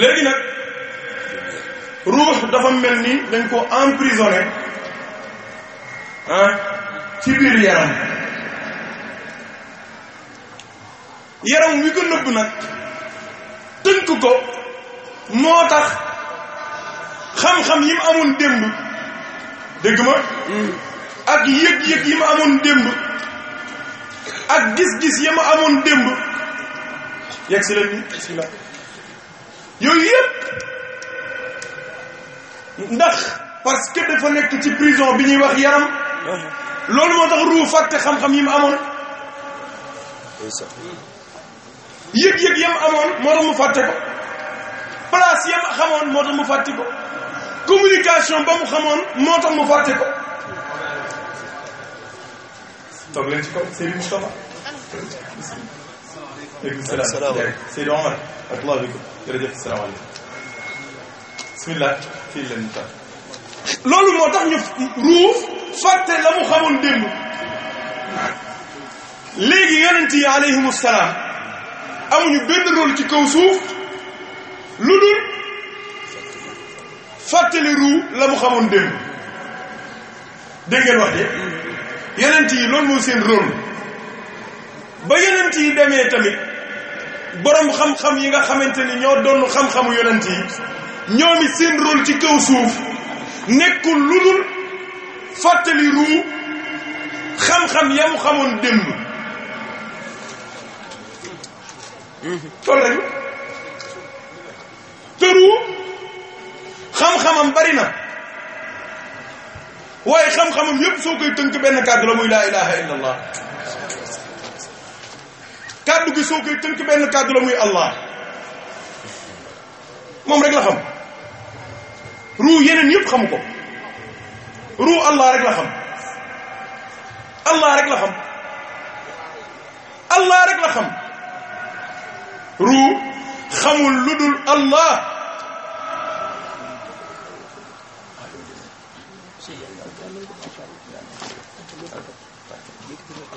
léegi nag ruux dafa mel ni dañ ko emprisonné ah ci biir yaram yaram wi ko nëbb nag tënk ko moo tax xam-xam yi mu amoon démb dégg ma hmm. ak yëg-yëg yi ma amoon démb ak gis-gis yi ma amoon démb yegg si leen ni bismillah yooyu yépp ndax parce que nekk ci prison bi ñuy wax yaram loolu moo tax ruu fàtte xam-xam yi mu amoon yëg-yëg yam amoon moo tax mu fàtte ko place yam xamoon moo tax mu fàtte ko communication ba mu xamoon moo tax mu fàtte ko toog aleykum salaam Seydou Omar rahmatullah aleykum jërëjëf salaamaaleykum bismillah fii leen tax loolu moo tax ñu ruuf fàtte la mu xamoon démb léegi yonent yi aleyhim salaam amuñu benn rôle ci kaw suuf lu dul fàttali ruu la mu xamoon démb dégg ngeen wax de yonent yi loolu mooy seen rôle ba yeneen yi demee tamit borom xam-xam yi nga xamante ni ñoo doon xam-xamu yonent yi ñoomi seen rôle ci kaw suuf nekkul lu dul fàttali ruu xam-xam ya mu xamoon démb toll rek te xam-xamam bari na waaye xam-xamam yépp soo koy tënk benn kàddu la muy laa ilaha illallah kàddu gi soo koy tënk benn kàddu la muy allah moom rek la xam ruu yeneen yëpp xamu ko ruu allah rek la xam allah rek la xam allah rek la xam ruu xamul lu dul allah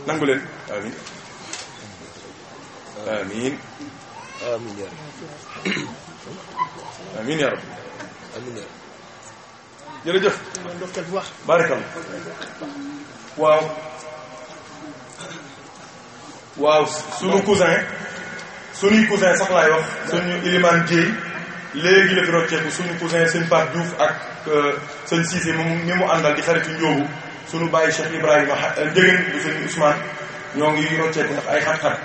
nangu leen amin amiin amiin yaa rabbi amiin yaa rabbi amiin yaa rabbi jërëjëf barikal waaw waaw sunu cousin sunuy cousin sax laay wax suñu iliman jéy léegi la rocceeku suñu cousin sëñ Pape Diouf ak euh, sëñ Cissé moom mi mu àndal di xaritu njóobu suñu bàyyi Cheikh Ibrahima njëgën bu sëñ Ousmane ñoo ngi rocceeku ndax ay xat-xat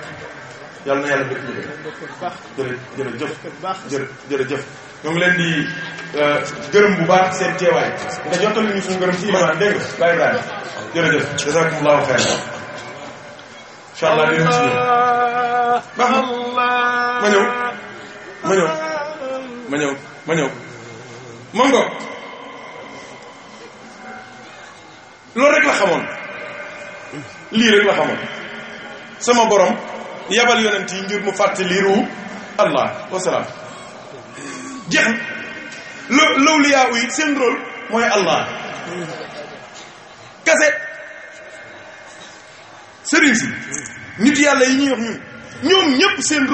yàlla na yàlla dëkk ñu def jërëjëf jërëjëf jërëjëf ñoo ngi leen di euh, gërëm bu baax seen teewaay nga jottali ñu suñu gërëm ci imaam dégg nga bàyyi bàyyi jërëjëf jazakumullahu xayran incha allah dinañ ci ñëw baax na ma ñëw ma ñëw ma ñëw ma ñëw mën nga loolu rek la xamoon lii rek la xamoon sama borom yebal yonent yi ngir mu fàttali ruu allah wasalaam jeex lo lawliyaa yi seen rôle mooy allah kase sëriñ nit yàlla yi ñuy wax ñun ñoom ñépp seen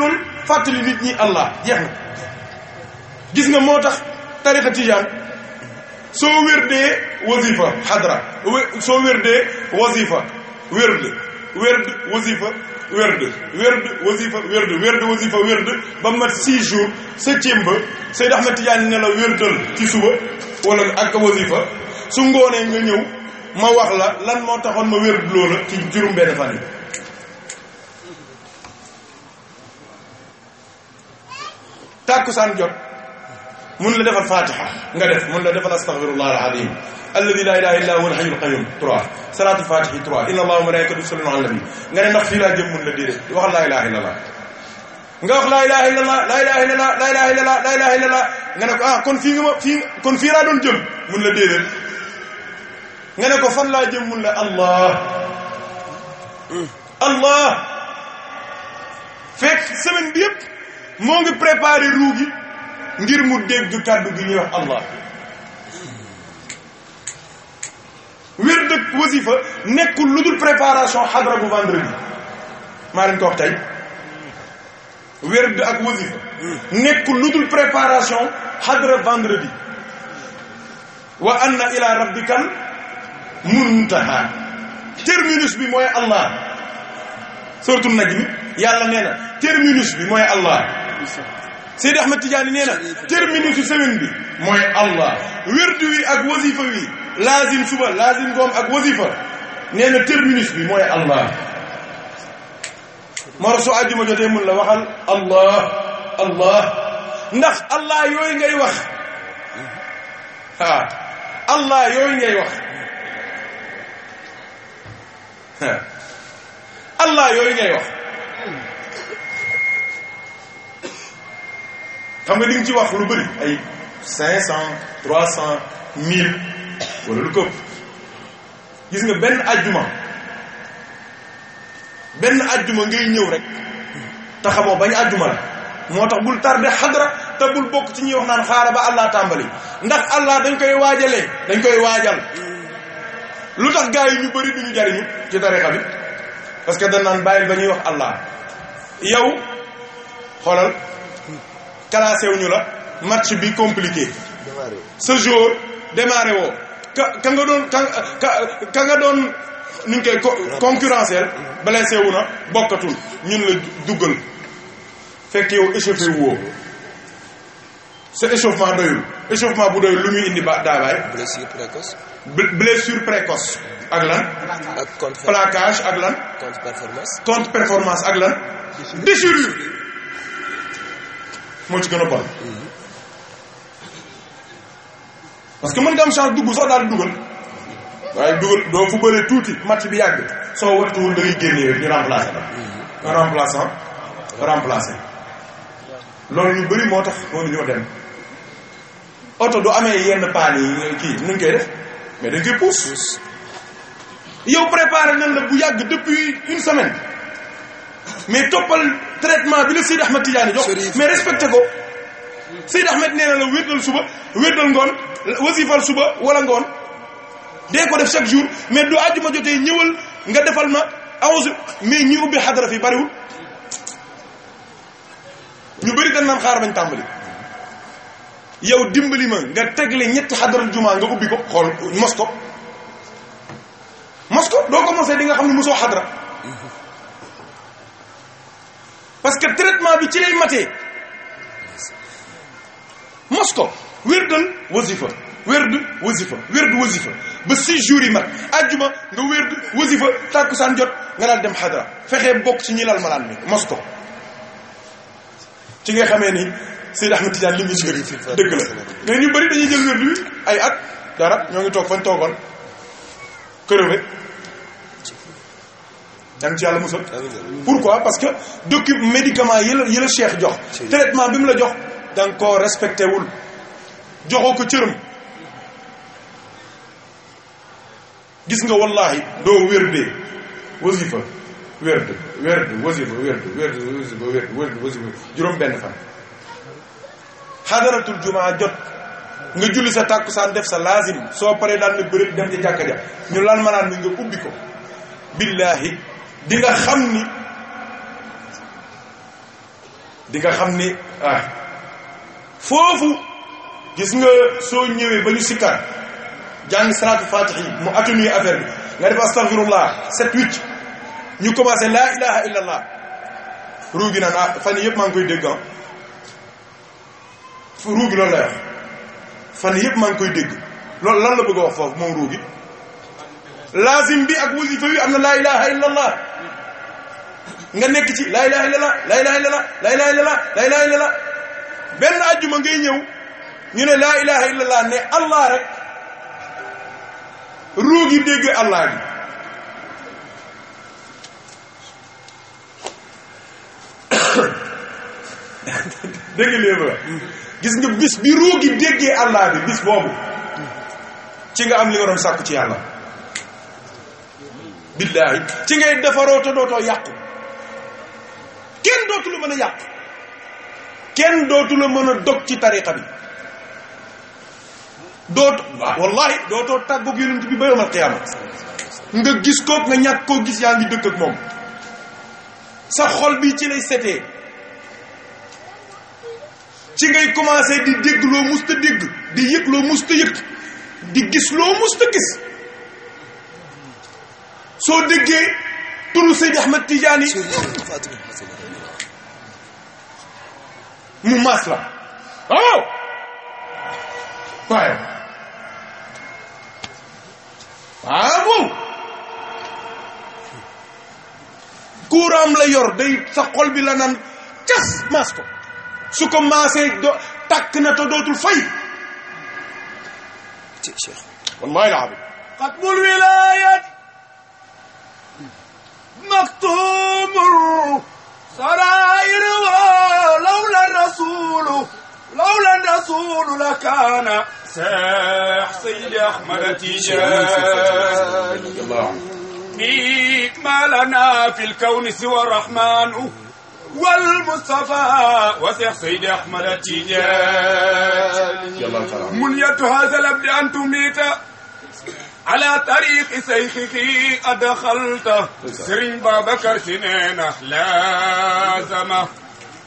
fàttali nit ñi allah jeex na gis nga moo tax tarixa tijaan soo wérdee wasifa xadra soo wérdee wasifa wérde werd wasifa werd werd wasifa werd werd wasifa werd ba mat six jours septième ba Seyd Ahmed Tidiane ne la werdal ci suba wala ak wasifa su ngoonee nga ñëw ma wax la lan moo taxoon ma werd loola ci juróom benn fan yi tàkkusaan jot mun la defal fatiha nga def mun la defal astaghfirullah alazim alladi la ilaha illa huwa alhayyul qayyum trois salatu fatihi trois inna allaha wa malaikatahu yusalluna ala nabi nga ne ndax fii laa jëm mun la déedéet wax laa ilaha illallah nga wax laa ilaha illallah laa ilaha illallah laa ilaha illallah laa ilaha illallah nga ne ko ah kon fii nga ma fii kon fii laa doon jëm mun la déedéet nga ne ko fan laa jëm mun la allah allah fekk semaine bi yëpp moo ngi préparé ruu gi ngir mu dégg kàddu gi ñuy wax allah wér dëkk wasifa nekkul lu dul préparation xadra bu vendredi maa leen ko wax tey wérd ak wasifa nekkul lu dul préparation xadra vendredi wa anna ila rabbikal muntaha terminus bi mooy allah suratul najm yàlla nee na terminus bi mooy allah Seydi Ahmed Tidiane nee na terminus su semaine bi mooy allah wérdu wi ak wasifa wi laazim suba laazim goom ak wasifa nee na terminus bi mooy allah moro su àjjuma jotee mun la waxal allah allah ndax allah yooyu ngay wax ah allah yooyu ngay wax allah yooyu ngay wax xam nga di nga ci wax lu bari ay cinq cent trois cent mille wala lu këpp gis nga benn ajjuma benn ajjuma ngay ñëw rek te xamoo bañ ajjuma la moo tax bul tardé xadra te bul bokk ci ñuy wax naan xaara ba allah tàmbali ndax allah dañ koy waajalee dañ koy waajal lu tax gaa yi ñu bëri duñu jariñu ci tarixa bi parce que dañ bàyyil ba ñuy wax allah yow xoolal classé wuñu la match bi compliqué ce jour démarré ka ka nga doon ka ka nga doon nu ñu koy concurrentiel blessé wu na bokkatul ñun la duggal fekk yow échauffé wu woo sa échauffement doyul échauffement bu doyul lu muy indi ba daabaay blessure précoce blessure précoce ak lan placage ak lan contre performance ak lan déchirure moo ci gën a bon parce que mën nga am chance dugg sax daal di dugal waaye dugal doo fu bëree tuuti match bi yàgg soo wattuwul da ngay génnee ñu remplacé mhm. la nga remplacé loolu ñu bëri moo tax moo ñoo dem oto du amee yenn paan yi kii nu ñu koy def mais dañ koy pousse yow préparé nañ la bu yàgg depuis une semaine mais toppal traitement bi la Seydi Ahmed Tidiane jox mais respecté ko Seydi Ahmed nee na la wérdal suba wérdal ngoon wasifal suba wala ngoon dee ko def chaque jour mais du àjjuma jotee ñëwal nga defal ma awsu mais ñi ubbi xadara fi bariwul ñu bëri dañ naan xaar bañ tàmbali yow dimbali ma nga tegle ñetti xadaral juma nga ubbi ko xool mos ko mos ko doo ko mosee di nga xam ne mosoo xadara parce que traitement bi ci lay matee mos ko wérdal wasifa wérdu wasifa wérdu wasifa ba six jours yi mat ajjuma nga wérdu wasifa tàkkusaan jot nga daan dem xadra fexee bokk ci ñi lal malaan mi mos ko ci nga xamee ni Seyd Ahmed Tidiane li mu jëriñ dëgg la mais ñu bari dañuy jël wi ay at dara ñoo ngi toog fañ toogoon kërëwe yàlla ci yàlla musal pourquoi parce que doccu médicament yi la yi la jox traitement bi mu la jox da ko koo wul joxoo ko cërëm gis nga wallahi doo wérdee wasifa wérd wérd wasifa wérd wérd wasifa wérd wérd wasifa juróom benn fan xadaratul jumaa jot nga julli sa tàkkusaan def sa laazim soo paree daal na bërëb dem ci jàkka ja ñu lan manaan mi nga ubbi ko billahi di xam ni di nga xam ni ah foofu gis nga soo ñëwee ba ñu sikkar jàng salaatu fatix yi mu atténuer affaire bi nga def astaghfirullah sept huit ñu commencé laa ilaha illa ruugi naan ah fan yëpp maa ngi koy dégg ah ruugi loolu lay fan yëpp maa ngi koy dégg loolu lan la bëgg a wax foofu moom ruugi lazim bi ak wasifa yi am na laa ilaha nga nekk ci laa ilaha illallah laa ilaha illallah laa ilaha illallah laa ilaha benn ajjuma ngay ñëw ñu ne laa ilaha illallah ne allah rek ruu dégg allah gi dégg léeba bis bi ruu déggee allah bi bis boobu ci nga am li nga doon sàkku ci yàlla billaahi ci ngay defaroo te dootoo yàqu kenn dootu la mën a yàq kenn dootu la mën a dog ci tariqa bi dootu wallahi dootoo tàggoog yonent bi ba yawmal qiyaama nga gis ko nga ñàkk koo gis yaa ngi dëkk ak moom sa xol bi ci lay setee ci ngay commencé di dégg loo musta dégg di yëg loo musta yëg di gis loo musta gis soo déggee turu Seydi Ahmed Tidiane mu la waaw yor day sa xol bi la naan cas maas ko su ko na te dootul fay wallahi la xabit xatmul wilayat مكتوم سرائر لولا الرسول لولا الرسول لكان سيحصل أحمد تيجاني ما لنا في الكون سوى الرحمن والمصطفى وسيح سيد أحمد تيجاني من يد هذا الأبد أن تميت على طريق سيخه أدخلته سرين بابكر سنينه لازمه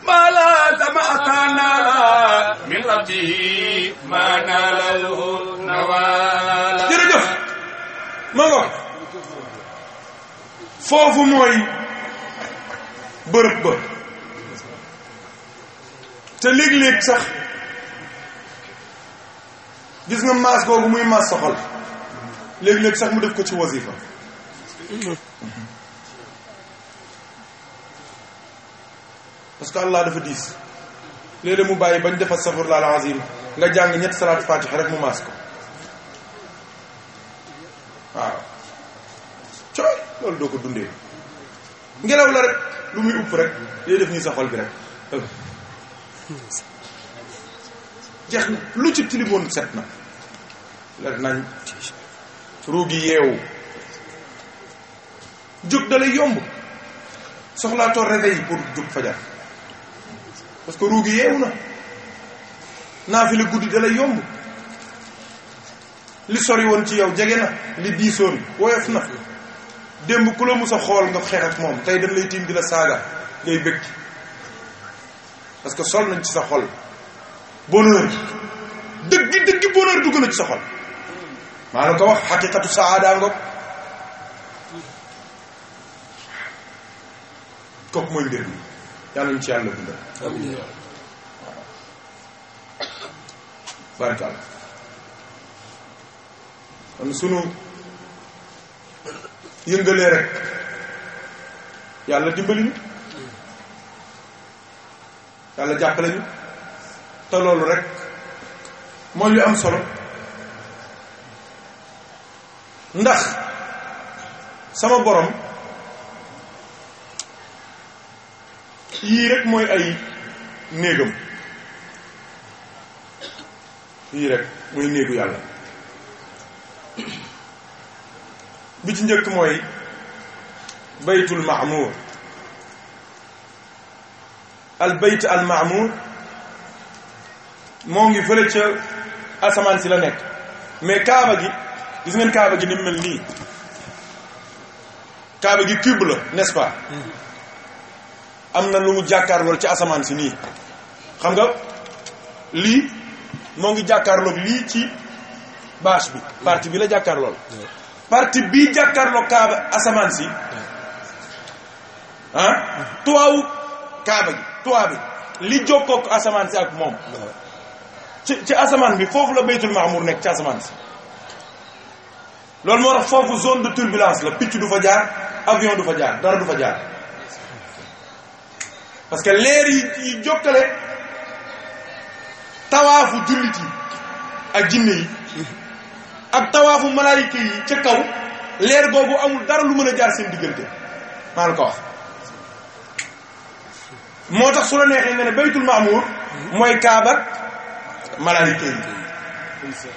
ما لازم أتانا من ربه ما ناله نوالا جرجف ما نوع فوف موي برب برب تليق ليك صح gis nga maas googu muy maas soxal léegi léeg sax mu def ko ci wasifa parce que allah dafa diis léeg-léeg mu bàyyi bañ defar safurlah al azim nga jàng ñett salaat fatiha rek mu maas ko waaw cooy loolu doo ko dundee ngelaw la rek lu muy upp rek day def nii sa bi rek jeex lu ci tilimoon set na leer nañ ruugi yeewu jóg da lay yomb soxlaatoo réveil pour jóg fajar parce que ruugi yeewu na naafila guddi da yomb li sori woon ci yow jege na li diisoon woyof na démb ku la mus xool nga xeex ak moom tey dañ lay tiim di la saaga ngay bëgg parce que sol nañ ci sa xol bonheur dëgg dëgg bonheur dugg na ci sa xol maa la ko wax xaqiqatu saada ngoog kooku mooy mbir mi yàlla ñu ci yàlla dundal waaw barkaal sunu yëngalee rek yàlla dimbali ñu yàlla jàppale ñu te loolu rek mooy lu am solo ndax sama borom yii rek mooy ay néegam yii rek mooy néegu yàlla bi ci njëkk mooy baytul maamur al bayt al maamur moo ngi fële asamaan si la nekk mais kaaba gi gis ngeen kaaba gi ni mu mel nii kaaba gi cube la n'est-ce hmm. am na lu mu jàkkaarlool ci asamaan si nii xam nga lii moo ngi jàkkaarloog lii ci bâche bi hmm. partie bi la jàkkaarlool hmm. partie bii jàkkaarloog kaaba asamaan si ah tuwaawu kaaba gi tuwaa bi li jokkook asamaan si ak moom ci ci asamaan bi foofu la ma mahmur nekk ci asamaan si loolu moo tax foofu zone de turbulence la picc du fa jaar avion du fa jaar dara du fa jaar parce que leer yi yi jokkale tawaafu jullit yi ak jinne yi ak tawaafu malaayika yi ca kaw leer boobu amul dara lu mën a jaar seen diggante maa ngi ko moo tax su la neexee nga ne baytul maamuur mooy kaabak malaayika yi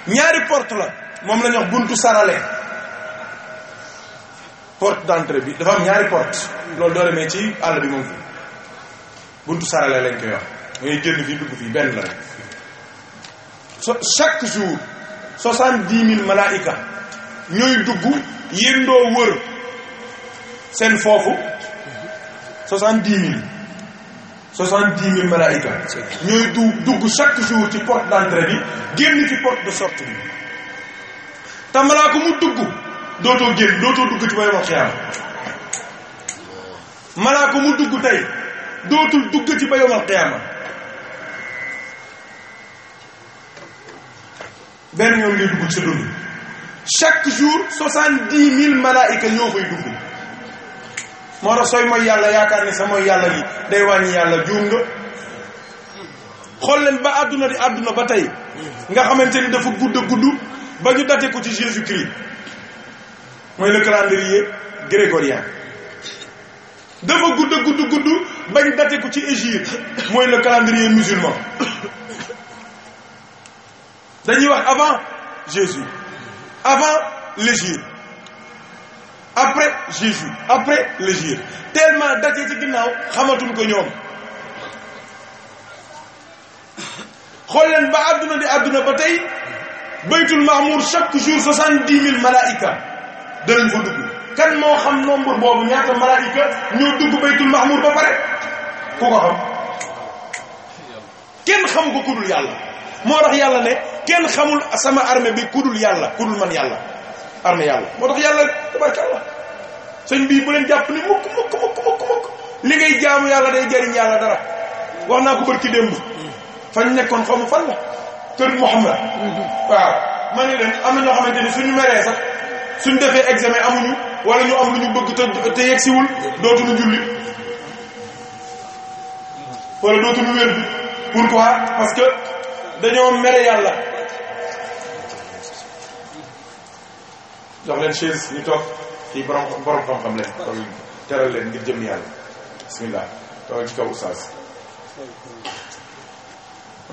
ñaari porte la moom la ñu wax buntu sarale porte d'entrée bi dafa am ñaari porte loolu doo demee ci àll bi moom fi buntu sarale lañ koy wax ngay génn fii dugg fii benn la rek so chaque jour soixante-dix mille malaayika ñooy dugg yëndoo wër seen foofu soixante-dix mille soixante-dix mille du dugg chaque jour ci porte d'entrée bi génn ci porte de sortie bi te malaaka mu dugg dootoo génn dootoo dugg ci way wax xiyaama malaaka mu dugg tey dootul dugg ci ba yawmal qiyaama benn yoon ngay dugg ci dund chaque jour soixante dix mille malaayika ñoo koy dugg moo tax sooy mooy yàlla yaakaar ne sa mooy yàlla li day wàññi yàlla juum nga xool leen ba àdduna di àdduna ba tey nga xamante ni dafa gudd a gudd ba ñu date ko ci Jésus Christ mooy le calendrier grégorien dafa gudd gudd gudd bañ date ci hégire mooy le calendrier musulman dañuy wax avant Jésus avant l'hégire après Jésus après l'hégire tellement date ci ginnaaw xamatuñ ko ñoom xool leen ba àdduna di àdduna ba tey baytul mahmour chaque jour soixante-dix mille malaïka danañ fa dugg kan moo xam nombre boobu ñaata malaayika ñoo dugg baytul mahmur ba pare ku ko xam kenn xamu ko kudul yàlla moo tax yàlla ne kenn xamul sama armée bi kudul yàlla kudul man yàlla armée yàlla moo tax yàlla tabarkàlla bii bu leen jàpp ni mukk mukk mukk mukk mukk li ngay jaamu yàlla day jariñ yàlla dara wax naa ko bërki démb fañ nekkoon xamu fan la kër Muhammad mm-hmm. waaw ma ne leen am na ñoo xamante ni suñu meree sax suñ defee examen amuñu wala ñu am lu ñu bëgg te te yegsiwul dootuñu julli wala dootuñu wér bi pourquoi parce que dañoo mere yàlla jox leen chaise ñu toog fii borom xam-xam leen teral leen ngir jëm yàlla bismillah toogal ci kaw oustaz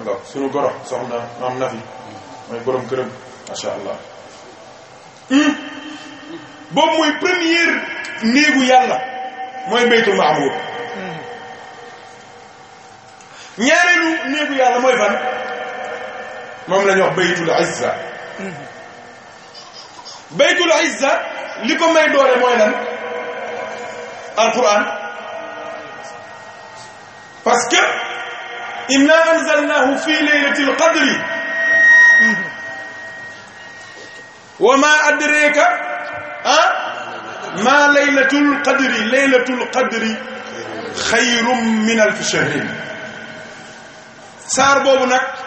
alors suñu goro soxna maam Nafi mooy borom këram macha allah boobu mooy première néegu yàlla mooy baytul maamur ñaareelu néegu mooy fan moom la ñuy wax baytul izza may doole mooy lan alquran parce que inna anzalnahu fi laylatil qadri wa ma adraka ah maa laylatul qadri laylatul qadri xayrum min alfi shahrin saar boobu nag